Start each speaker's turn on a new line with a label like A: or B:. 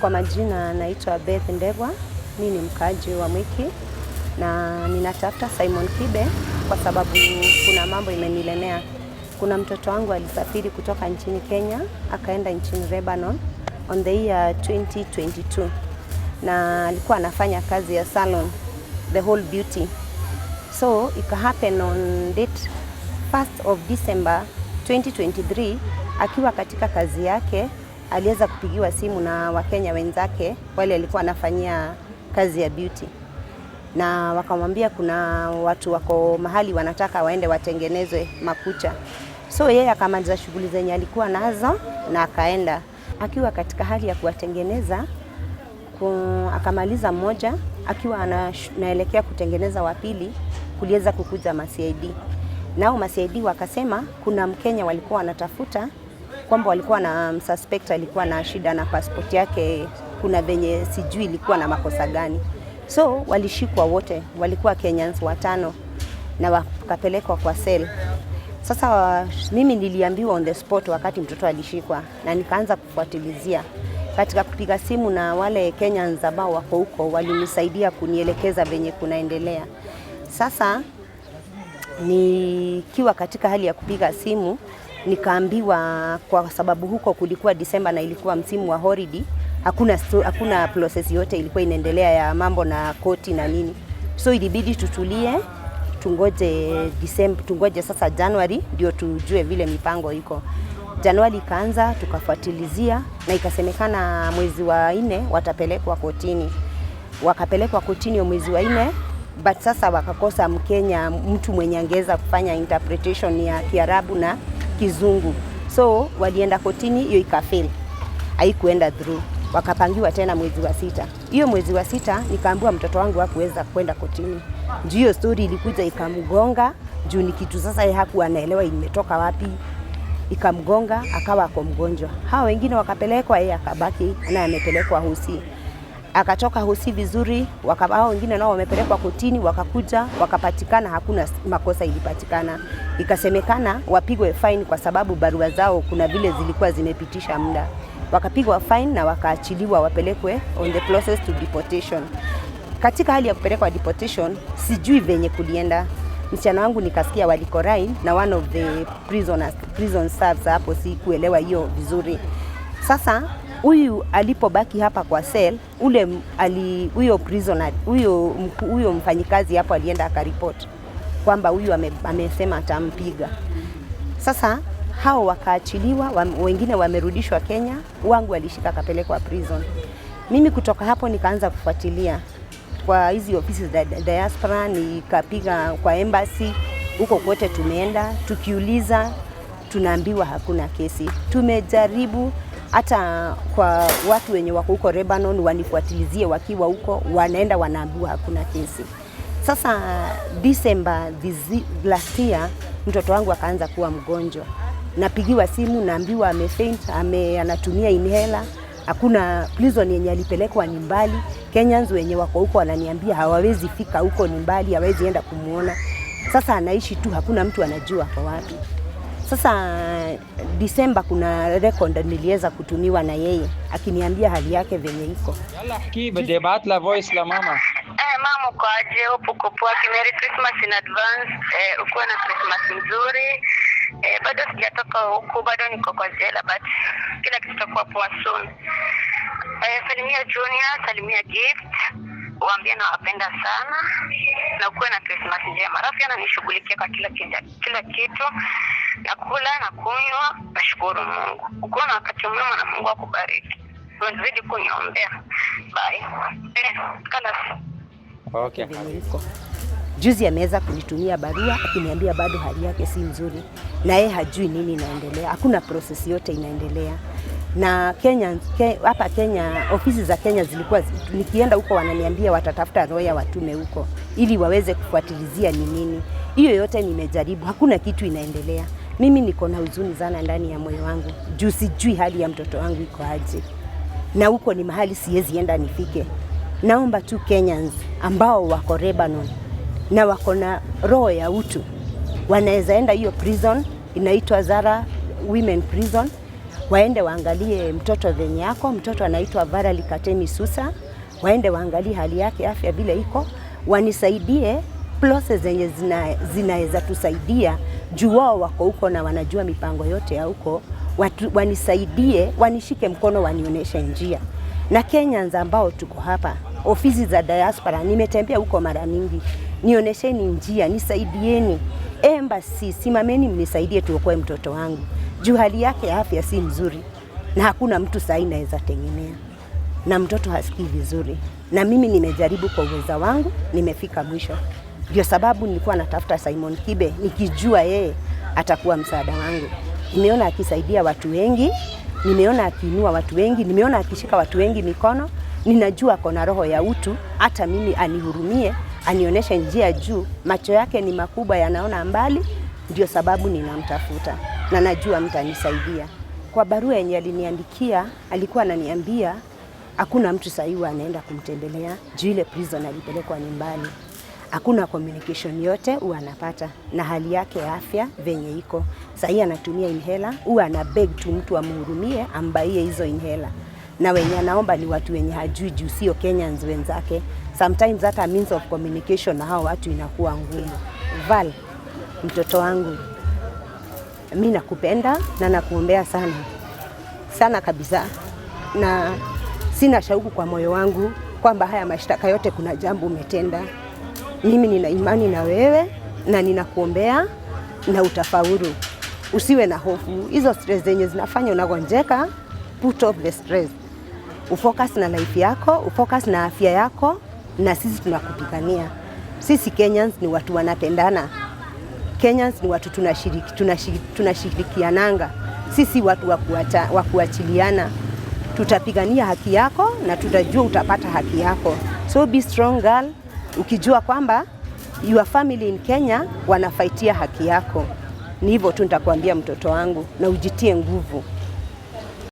A: Kwa majina naitwa Beth Ndegwa, mimi ni mkaaji wa Mwiki na ninatafuta Simon Kibe kwa sababu kuna mambo imenilemea. Kuna mtoto wangu alisafiri kutoka nchini Kenya akaenda nchini Lebanon on the year 2022 na alikuwa anafanya kazi ya salon the whole beauty, so it happened on date 1st of December 2023 akiwa katika kazi yake aliweza kupigiwa simu na Wakenya wenzake wale alikuwa anafanyia kazi ya beauty, na wakamwambia kuna watu wako mahali wanataka waende watengenezwe makucha. So yeye akamaliza shughuli zenye alikuwa nazo na akaenda. Akiwa katika hali ya kuwatengeneza akamaliza mmoja, akiwa anaelekea kutengeneza wa pili, kuliweza kukuja ma CID nao ma CID wakasema kuna Mkenya walikuwa wanatafuta kwamba walikuwa na msuspect um, alikuwa na shida na passport yake, kuna venye sijui ilikuwa na makosa gani, so walishikwa wote, walikuwa Kenyans watano na wakapelekwa kwa cell. Sasa mimi niliambiwa on the spot wakati mtoto alishikwa, na nikaanza kufuatilizia katika kupiga simu na wale Kenyans ambao wako huko walinisaidia kunielekeza venye kunaendelea. Sasa nikiwa katika hali ya kupiga simu nikaambiwa kwa sababu huko kulikuwa Disemba na ilikuwa msimu wa holiday, hakuna, hakuna process yote ilikuwa inaendelea ya mambo na koti na nini, so ilibidi tutulie tungoje Disemba, tungoje sasa Januari ndio tujue vile mipango iko. Januari ikaanza tukafuatilizia, na ikasemekana mwezi wa nne watapelekwa kotini. Wakapelekwa kotini mwezi wa nne, but sasa wakakosa Mkenya, mtu mwenye angeweza kufanya interpretation ya Kiarabu na Kizungu, so walienda kotini, hiyo ikafeli, haikuenda through, wakapangiwa tena mwezi wa sita. Hiyo mwezi wa sita nikaambiwa mtoto wangu hakuweza kwenda kotini, juu hiyo story ilikuja ikamgonga, juu ni kitu sasa yeye hakuwa anaelewa imetoka wapi, ikamgonga akawa ako mgonjwa. Hao wengine wakapelekwa, yeye akabaki na amepelekwa husi akatoka hosi vizuri, wakao wengine nao wamepelekwa kotini, wakakuja wakapatikana hakuna makosa ilipatikana, ikasemekana wapigwe fine kwa sababu barua zao kuna vile zilikuwa zimepitisha muda, wakapigwa fine na wakaachiliwa, wapelekwe on the process to deportation. Katika hali ya kupelekwa deportation, sijui venye kulienda msichana wangu nikasikia walikorai na one of the prisoners, prison staffs hapo, si kuelewa hiyo vizuri sasa huyu alipobaki hapa kwa sel ule huyo prisoner huyo huyo mfanyikazi hapo alienda akaripoti kwamba huyu ame, amesema atampiga. Sasa hao wakaachiliwa wa, wengine wamerudishwa Kenya, wangu alishika akapelekwa prison. Mimi kutoka hapo nikaanza kufuatilia kwa hizi ofisi za diaspora, nikapiga kwa embassy huko kote, tumeenda tukiuliza tunaambiwa hakuna kesi. Tumejaribu hata kwa watu wenye wako huko Lebanon wanifuatilizie, wakiwa huko wanaenda wanaambiwa hakuna kesi. Sasa December last year mtoto wangu akaanza kuwa mgonjwa, napigiwa simu naambiwa amefaint, ame anatumia inhaler hakuna prison yenye alipelekwa ni mbali. Kenyans wenye wako huko wananiambia hawawezi fika huko, ni mbali, hawawezi enda kumwona. Sasa anaishi tu, hakuna mtu anajua kwa wapi. Sasa Disemba kuna record niliweza kutumiwa na yeye akiniambia hali yake venye iko
B: eh,
C: Mama, uko aje? Upo uko Merry Christmas in advance. Eh, ukuwa na Christmas nzuri. Eh, bado sijatoka huku, bado niko kwa jela, but kila kitu kitakuwa poa soon. Eh, salimia Junior, salimia Gift waambie nawapenda sana na ukuwe na Christmas njema. Rafiki ananishughulikia kwa kila kila kitu, nakula na kunywa, nashukuru Mungu. Ukuwe na wakati mwema na Mungu akubariki, unazidi kuniombea. Bye. Eh, kala
B: okay.
A: Juzi ameweza kunitumia barua akiniambia bado hali yake si nzuri, na yeye hajui nini inaendelea, hakuna prosesi yote inaendelea na Kenya hapa Kenya, ofisi za Kenya zilikuwa nikienda huko wananiambia watatafuta roya watume huko ili waweze kufuatilizia ni nini. Hiyo yote nimejaribu, hakuna kitu inaendelea. Mimi niko na huzuni sana ndani ya moyo wangu juu sijui hali ya mtoto wangu iko aje, na huko ni mahali siwezi enda nifike. Naomba tu Kenyans ambao wako Lebanon na wako na roho ya utu wanaweza enda hiyo prison inaitwa Zara Women Prison waende waangalie mtoto venye yako. Mtoto anaitwa Varali Katemi Susa, waende waangalie hali yake afya vile iko, wanisaidie plose zenye zinaweza tusaidia juu wao wako huko na wanajua mipango yote ya huko wanisaidie wanishike mkono wanionyeshe njia. Na Kenyans ambao tuko hapa ofisi za diaspora, nimetembea huko mara nyingi, nionyesheni njia, nisaidieni. Embassy, simameni mnisaidie tuokoe mtoto wangu juu hali yake ya afya si mzuri na hakuna mtu sahi naweza tegemea, na mtoto hasikii vizuri, na mimi nimejaribu kwa uweza wangu, nimefika mwisho. Ndio sababu nilikuwa natafuta Simon Kibe nikijua yeye atakuwa msaada wangu. Nimeona akisaidia watu wengi, nimeona akiinua watu wengi, nimeona akishika watu wengi mikono. Ninajua kona roho ya utu, hata mimi anihurumie, anionyeshe njia juu. Macho yake ni makubwa, yanaona mbali. Ndio sababu ninamtafuta na najua mtanisaidia. Kwa barua yenye aliniandikia, alikuwa ananiambia hakuna mtu sahihi anaenda kumtembelea juu ile prison alipelekwa nyumbani, hakuna communication yote huwa anapata na hali yake ya afya venye iko sahihi. Anatumia inhela, huwa ana beg tu mtu amhurumie ambaye hizo inhela na wenye anaomba ni watu wenye hajui juu sio Kenyans wenzake. Sometimes hata means of communication na hao watu inakuwa ngumu. Val mtoto wangu, mi nakupenda na nakuombea sana sana kabisa, na sina shauku kwa moyo wangu kwamba haya mashtaka yote kuna jambo umetenda. Mimi nina imani na wewe na ninakuombea na utafaulu, usiwe na hofu. Hizo stress zenye zinafanya unagonjeka, put off the stress, ufocus na life yako, ufocus na afya yako, na sisi tunakupigania. Sisi Kenyans ni watu wanapendana. Kenyans ni watu tunashiriki, tunashiriki, tunashirikiananga sisi watu wa kuachiliana, tutapigania haki yako na tutajua utapata haki yako. So be strong girl, ukijua kwamba your family in Kenya wanafaitia haki yako. Ni hivyo tu nitakwambia mtoto wangu, na ujitie nguvu.